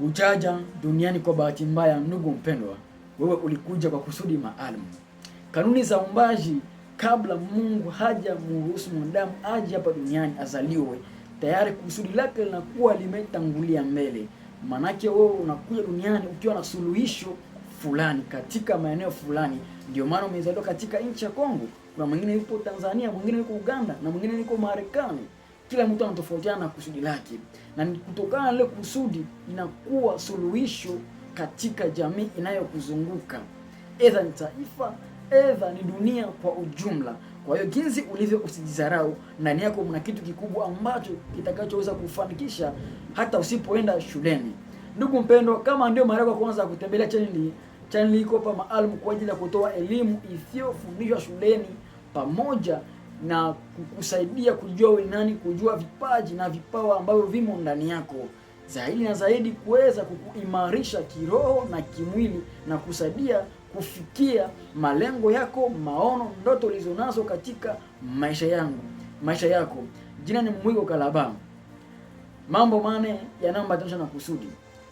Ujaja duniani kwa bahati mbaya, ndugu mpendwa, wewe ulikuja kwa kusudi maalum. Kanuni za umbaji, kabla Mungu haja muruhusu mwanadamu aje hapa duniani azaliwe, tayari kusudi lake linakuwa limetangulia mbele. Maanake wewe unakuja duniani ukiwa na suluhisho fulani katika maeneo fulani. Ndio maana umezaliwa katika nchi ya Kongo, kuna mwingine yupo Tanzania, mwingine yuko Uganda na mwingine yuko Marekani kila mtu anatofautiana na kusudi lake, na kutokana na lile kusudi inakuwa suluhisho katika jamii inayokuzunguka, edha ni taifa, edha ni dunia kwa ujumla. Kwa hiyo jinsi ulivyo, usijizarau. Ndani yako mna kitu kikubwa ambacho kitakachoweza kufanikisha hata usipoenda shuleni. Ndugu mpendwa, kama ndio mara yako ya kwanza kutembelea chaneli, chaneli iko hapa maalum kwa ajili ya kutoa elimu isiyofundishwa shuleni pamoja na kukusaidia kujua wewe nani, kujua vipaji na vipawa ambavyo vimo ndani yako zaidi na zaidi, kuweza kukuimarisha kiroho na kimwili na kusaidia kufikia malengo yako, maono, ndoto ulizonazo katika maisha yangu maisha yako. Jina ni Mwiko Kalaba. Mambo mane yanayoambatanishwa na kusudi.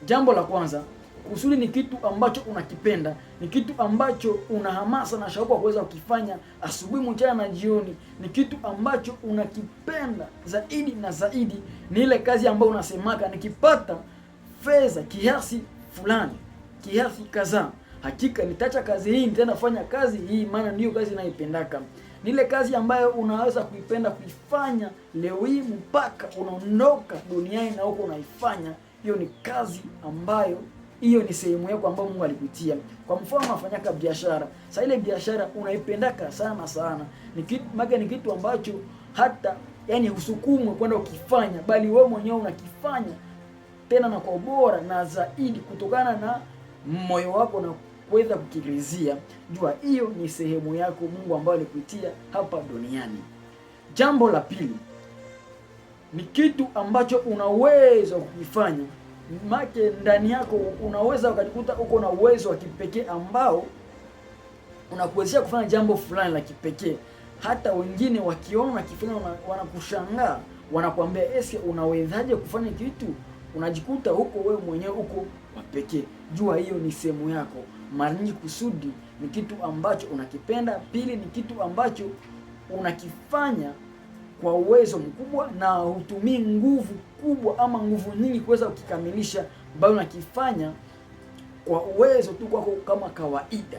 Jambo la kwanza Kusudi ni kitu ambacho unakipenda, ni kitu ambacho una hamasa na shauku kuweza kukifanya asubuhi, mchana na jioni, ni kitu ambacho unakipenda zaidi na zaidi. Ni ile kazi ambayo unasemaka, nikipata fedha kiasi fulani, kiasi kadhaa, hakika nitaacha kazi hii, nitaenda kufanya kazi hii, maana ndiyo kazi naipendaka. Ni ile kazi ambayo unaweza kuipenda kuifanya leo hii mpaka unaondoka duniani na huko unaifanya. Hiyo ni kazi ambayo hiyo ni sehemu yako ambayo Mungu alikutia. Kwa mfano unafanyaka biashara. Sasa ile biashara unaipendaka sana sana. Ni kitu maga, ni kitu ambacho hata yani usukumwe kwenda ukifanya bali wewe mwenyewe unakifanya tena na kwa ubora na zaidi kutokana na moyo wako na kuweza kukirizia. Jua hiyo ni sehemu yako Mungu ambayo alikutia hapa duniani. Jambo la pili ni kitu ambacho unaweza kukifanya make ndani yako unaweza ukajikuta uko na uwezo wa kipekee ambao unakuwezesha kufanya jambo fulani la kipekee, hata wengine wakiona wakifanya wanakushangaa, wanakuambia ese, unawezaje kufanya kitu? Unajikuta huko wewe mwenyewe uko wa pekee. Jua hiyo ni sehemu yako. Mara nyingi kusudi ni kitu ambacho unakipenda, pili ni kitu ambacho unakifanya kwa uwezo mkubwa na hutumii nguvu kubwa ama nguvu nyingi kuweza kukikamilisha, bali unakifanya kwa uwezo tu kwako kama kawaida.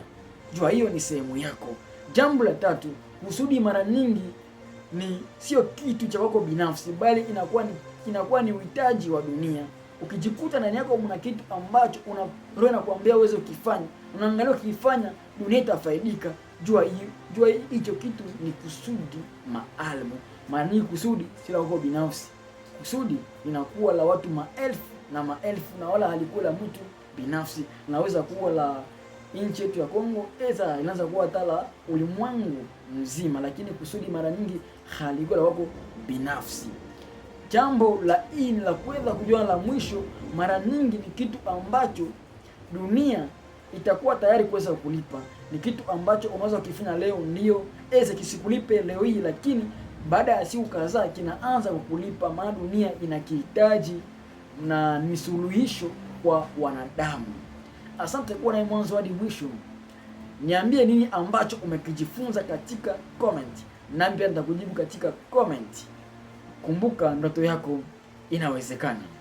Jua hiyo ni sehemu yako. Jambo la tatu, kusudi mara nyingi ni sio kitu cha kwako binafsi, bali inakuwa ni inakuwa ni uhitaji wa dunia. Ukijikuta ndani yako mna kitu ambacho una roho inakuambia uweze ukifanya, unaangalia ukifanya dunia itafaidika jua jua hicho kitu ni kusudi maalum. Maana ni kusudi si la wako binafsi, kusudi linakuwa la watu maelfu na maelfu, na wala halikuwa la mtu binafsi. Naweza kuwa la nchi yetu ya Kongo, eza inaanza kuwa tala la ulimwengu mzima, lakini kusudi mara nyingi halikuwa la wako binafsi. Jambo la ini la kuweza kujua la mwisho, mara nyingi ni kitu ambacho dunia itakuwa tayari kuweza kulipa. Ni kitu ambacho unaweza kukifanya leo, ndio eze kisikulipe leo hii, lakini baada ya siku kadhaa kinaanza kukulipa, maana dunia inakihitaji na ni suluhisho kwa wanadamu. Asante kuwa naye mwanzo hadi mwisho. Niambie nini ambacho umekijifunza katika comment, nami pia nitakujibu katika comment. Kumbuka, ndoto yako inawezekana.